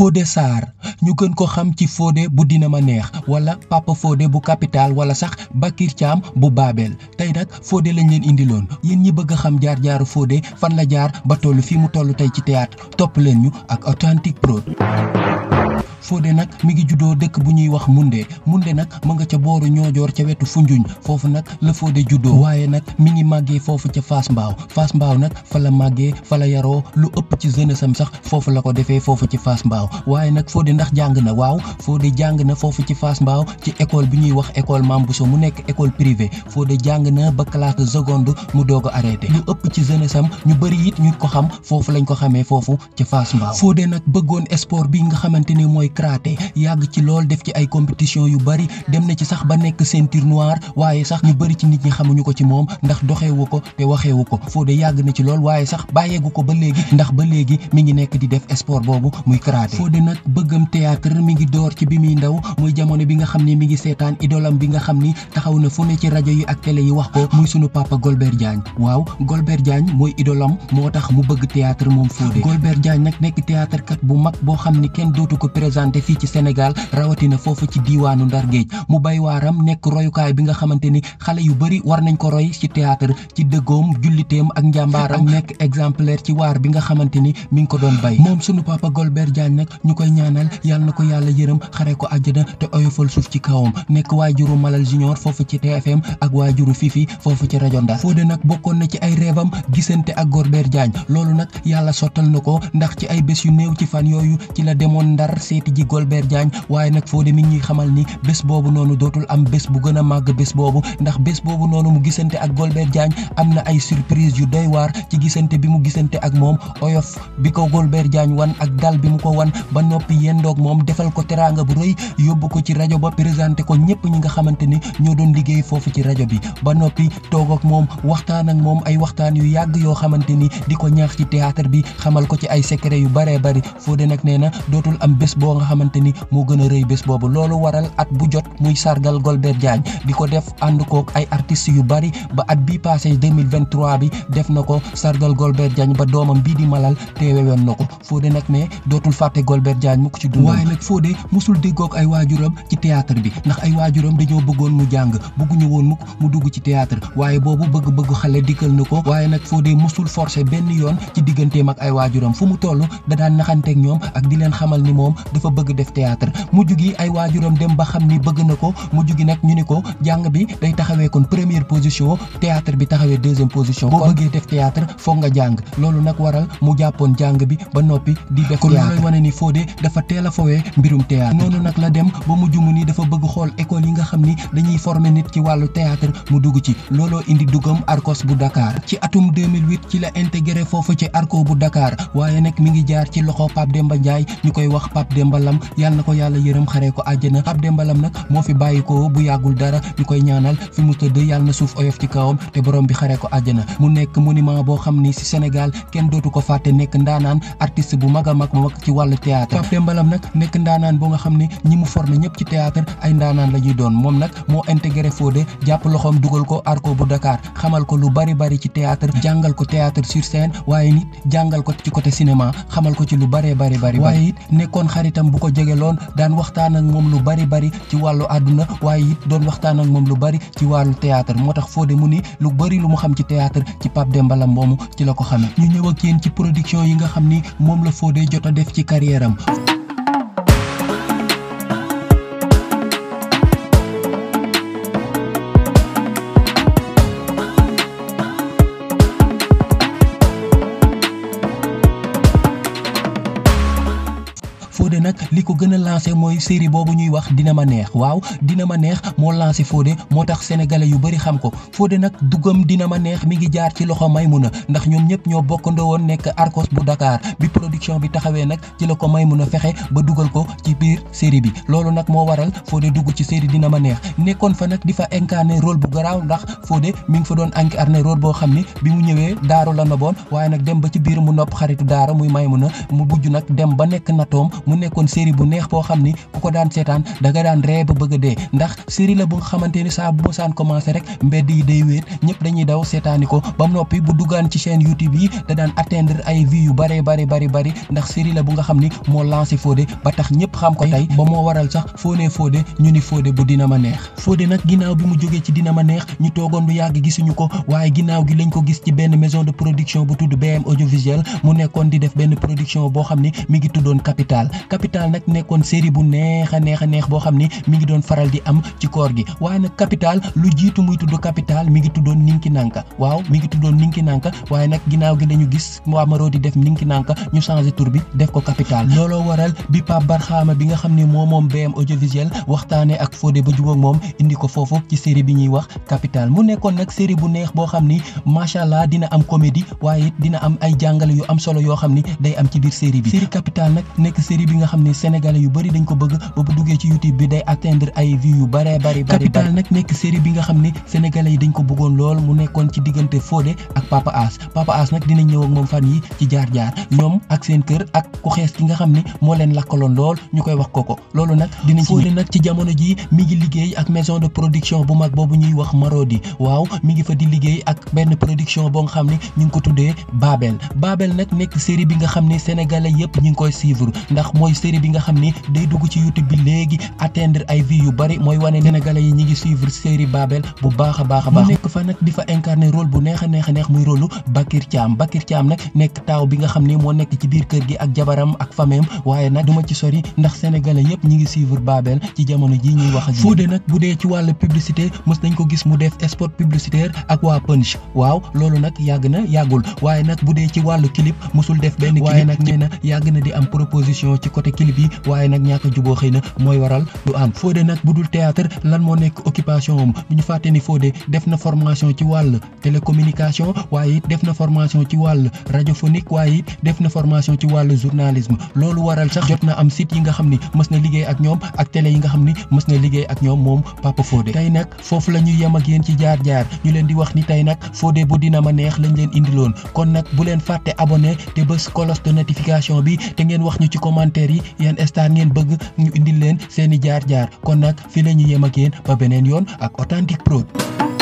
Fodé Sarr ñu gën ko xam ci Fodé bu dina ma neex wala Papa Fodé bu capital wala sax Bakir Thiam bu Baabel tey nag Fodé lañ leen indiloon yéen ñi bëgg a xam jaar jaaru Fodé fan la jaar ba toll fii mu toll tey ci théâtre topp leen ñu ak Authentique Prod Fodé nag mi ngi juddoo dëkk bu ñuy wax Moundé Moundé nag ma nga ca booru Ñoojoor ca wetu Foundiougne foofu nag la Fodé juddoo waaye nag mi ngi màggee foofu ca Fass mbaaw Fass Mbao nag fa la màggee fa yaroo lu ëpp ci jeunesse am sax foofu la ko defee foofu ci Fass Mbao waaye nag Fodé ndax jàng na waaw Fodé jàng na foofu ci Fass Mbao ci école bi ñuy wax école Mambuso mu nekk école privée Fodé jàng na ba classe de mu doog a arrêté ëpp ci jeunesse am ñu bëri it ko xam foofu lañ ko xamee foofu ca Fass Mbao Fodé nag bëggoon sport bi nga xamante mooy karaté yàgg ci lool def ci ay compétition yu bari dem na ci sax ba nekk ceinture noire waaye sax ñu bari ci nit ñi xamuñu ko ci moom ndax doxewu ko te waxewu ko Fodé yàgg na ci lool waaye sax bàyyeegu ko ba léegi ndax ba léegi mi ngi nekk di def sport boobu muy karaté Fodé nag bëggam théâtre mi ngi door ci bi muy ndaw muy jamono bi nga xam ni mi ngi seetaan idolam bi nga xam ni taxaw na fu ne ci rajo yi ak télé yi wax ko muy sunu papa Golbert Diagne waaw Golbert Diagne mooy idolam moo tax mu bëgg théâtre moom Fodé Golbert Diagne nag nekk théâtre kat bu représenté fii ci Sénégal rawatina foofu ci diiwaanu Ndar Géej mu bay waaram nekk royukaay bi nga xamante ni xale yu bëri war nañ ni mi ngi ko doon bay moom sunu papa Golbert Diagne nag ko yàlla yërëm xare ko àjjana te oyofal suuf ci kawam nekk waajuru Malal Junior foofu ci TFM ak waajuru Fifi foofu ci rajo Ndar nag bokkoon na ci ay rêvam gisante ak Golbert Diagne loolu nag yàlla sottal na ko ndax ci ay bés yu néew ci fan yooyu ci la demoon Ndar seeti fekk ji Golbert Diagne waaye nag Fodé mi ngi ñuy xamal ni bés boobu noonu dootul am bés bu gën a màgg bés boobu ndax bés boobu noonu mu gisante ak Golbert Diagne am na ay surprise yu doy waar ci gisante bi mu gisante ak moom oyof bi ko Golbert Diagne wan ak dal bi mu ko wan ba noppi yendoog moom defal ko teraanga bu rëy yóbbu ko ci rajo ba présenté ko ñëpp ñi nga xamante ni ñoo doon liggéey foofu ci rajo bi ba noppi toog ak moom waxtaan ak moom ay waxtaan yu yàgg yoo xamante ni di ko ñaax ci théâtre bi xamal ko ci ay secret yu baree bari Fodé na dootul am nga xamanteni mo gëna reuy a bobu lolu waral at bu jot muy sargal Golbert Diagne di def ànd ay artiste yu bari ba at bi passé 2023 bi def nako sargal Golbert Diagne ba domam bi di malal teewe won nako Fodé nak ne dotul faté Golbert Diagne mu ci dund way nak Fodé musul digok ay wajuram ci théâtre bi ndax ay wajuram dañu bëggoon mu bëggu ñu won muko mu dugg ci théâtre waye bobu bëgg-bëgg xalé dikkel nako waye nak Fodé musul forcer ben yoon ci temak mak ay wajuram fu mu tollu da daan ak ñom ak di leen xamal ni mom dafa dafa bëgg def théâtre mujj gi ay waajuram dem ba xam ni bëgg na ko mujj gi nag ñu ni ko jàng bi day taxawee kon première position théâtre bi taxawee deuxième position boo bëggee def théâtre foog nga jàng loolu nag waral mu jàppoon jàng bi ba noppi di def kon a fowee mbirum théâtre noonu nag la dem ba mujj mu ni dafa bëgg xool école yi nga xam ni dañuy former nit ci wàllu théâtre mu dugg ci looloo indi duggam Arcos bu Dakar ci atum 2008 ci la intégré foofu ci Arco bu Dakar dembalam yal nako yalla yeureum xare ko aljana ab dembalam nak mo fi bayiko ko bu yagul dara ñu ñaanal fi mu teud yal na suuf oyof ci kawam te borom bi xare ko aljana mu nek monument bo xamni ci si ken dotu ko faté nek ndanan artiste bu maga mak mag mag ci walu théâtre ab dembalam nak nek ndanan bo nga xamni ñi mu formé ñep ci théâtre ay ndanan lañuy doon moom nag moo intégré Fodé japp loxom duggal ko arko bu Dakar xamal ko lu bari bari ci théâtre jangal ko théâtre sur scène waye nit jangal ko ci côté cinéma xamal ko ci lu bari bari bari waye nekkon xaritam bu ko jegeloon daan waxtaan ak mom lu bari bari ci walu aduna waye yit doon waxtaan ak mom lu bari ci walu théâtre motax fo Fodé muni, lu bari lu mu xam ci théâtre ci Pape Demba Lam moomu ci lako xamé ñu ñëw ak yeen ci production yi nga xamni mom la fo jotta def ci carrière Fodé nag li ko gën a lancé mooy série boobu ñuy wax dina ma neex waaw dina ma neex moo lancé Fodé moo tax sénégalais yu bëri xam ko Fodé nag dugam dina ma neex mi ngi jaar ci loxo may Maymuna ndax ñoom ñëpp ñoo bokkandoo woon nekk Arcos bu Dakar bi production bi taxawee nag ci la ko may Maymuna fexe ba dugal ko ci biir série bi loolu nag moo waral Fodé dugg ci séri dina ma neex nekkoon fa nag di fa incarné role bu garaaw ndax Fodé mi ngi fa doon incarné rôle boo xam ni bi mu ñëwee daaru la noboon waaye nag dem ba ci biir mu nopp xaritu daara muy Maymuna mu bujj nag dem ba nekk natoom nekkoon série bu neex boo xam ni ku ko daan seetaan da nga daan ree ba bëgg a dee ndax série la bu nga xamante ni saa bu mosaan commencé rek mbedd yi day wéet ñëpp dañuy daw seetaani ko ba noppi bu duggaan ci chaîne YouTube yi da daan atteindre ay vie yu bare bare bari bari ndax série la bu nga xam ni moo lancé Fodé ba tax ñëpp xam ko tey ba moo waral sax foo nee Fodé ñu ni Fodé bu dina ma neex Fodé nag ginnaaw bi mu jógee ci dina ma neex ñu toogoon lu yàgg gisuñu ko waaye ginnaaw gi lañ ko gis ci benn maison de production bu tudd BM audiovisuel mu nekkoon di def benn production boo xam ni mi ngi tuddoon capital capital nag nekkoon série bu neex a neex a neex boo xam ni mi ngi doon faral di am ci koor gi waaye nag capital lu jiitu muy tudd capital mi ngi tuddoon ninki nanka waaw mi ngi tuddoon ninki nanka waaye nag ginnaaw gi lañu gis waa di def ninki nanka ñu changé tour bi def ko capital looloo waral bi Pape Barxaama bi nga xam ne moo moom BM audiovisuel waxtaanee ak Fodé ba jubóog moom indi ko foofu ci série bi ñuy wax capital mu nekkoon nag série bu neex boo xam ni macha allah dina am comédie waaye dina am ay jàngale yu am solo yoo xam ni day am ci biir série bi capital nag nekk nga xam sénégalais yu bari dañ ko bëgg ba bu duggé ci youtube bi day atteindre ay view yu bari bari bari capital nak nek série bi nga xam sénégalais yi dañ ko bëggoon lool mu nekkon ci digënté Fodé ak Papa As Papa As nak dina ñëw ak mom fan yi ci jaar jaar ñom ak seen kër ak ku xéss ki nga xam mo leen lakkaloon lool ñukoy wax koko loolu nak dina ci Fodé nak ci jamono ji mi ngi liggéey ak maison de production bu mag bobu ñuy wax Marodi waaw mi ngi fa di liggéey ak benn production bo nga xam ne ñu ko tuddé Babel Babel nak nek série bi nga xam sénégalais yépp ñu koy suivre ndax mooy mooy série bi nga xam ni day dugg ci YouTube bi léegi atteindre ay vues yu bari mooy wane sénégalais yi ñi ngi suivre série Babel bu baax a baax a baax nekk fa nag di fa incarner rôle bu neex a neex muy rôlu Bakir Thiam Bakir Thiam nag nekk taaw bi nga xam ni moo nekk ci biir kër gi ak jabaram ak fameem waaye nag duma ci sori ndax sénégalais yëpp ñu ngi suivre Babel ci jamono ji ñuy wax ak Fodé nag bu dee ci wàllu publicité mës nañ ko gis mu def spot publicitaire ak waa Punch waaw loolu nag yàgg na yàggul waaye nag bu dee ci wàllu côté clip bi, waye nak ñaka juboo xeyna moy waral du am Fodé nak budul théâtre lan mo nek occupation am bu ñu fàtte ni Fodé def na formation ci wal télécommunication waye def na formation ci wal radiophonique waye def na formation ci wal journalisme lolu waral sax jot na am site yi nga xamni mës na liggéey ak ñom ak télé yi nga xamni mës na liggéey ak ñom mom Papa Fodé tay nak fofu la yem ak yeen ci jaar jaar ñu leen di wax ni tay nak Fodé bu dina ma neex lañ leen indiloon kon nak bu leen faté abonné té colosse de notification bi té ngeen wax ñu ci commentaire auditeurs yi yéen star ngeen bëgg ñu indil leen seeni jaar jaar kon nag fi la ñu yem ak yéen ba beneen yoon ak authentique prod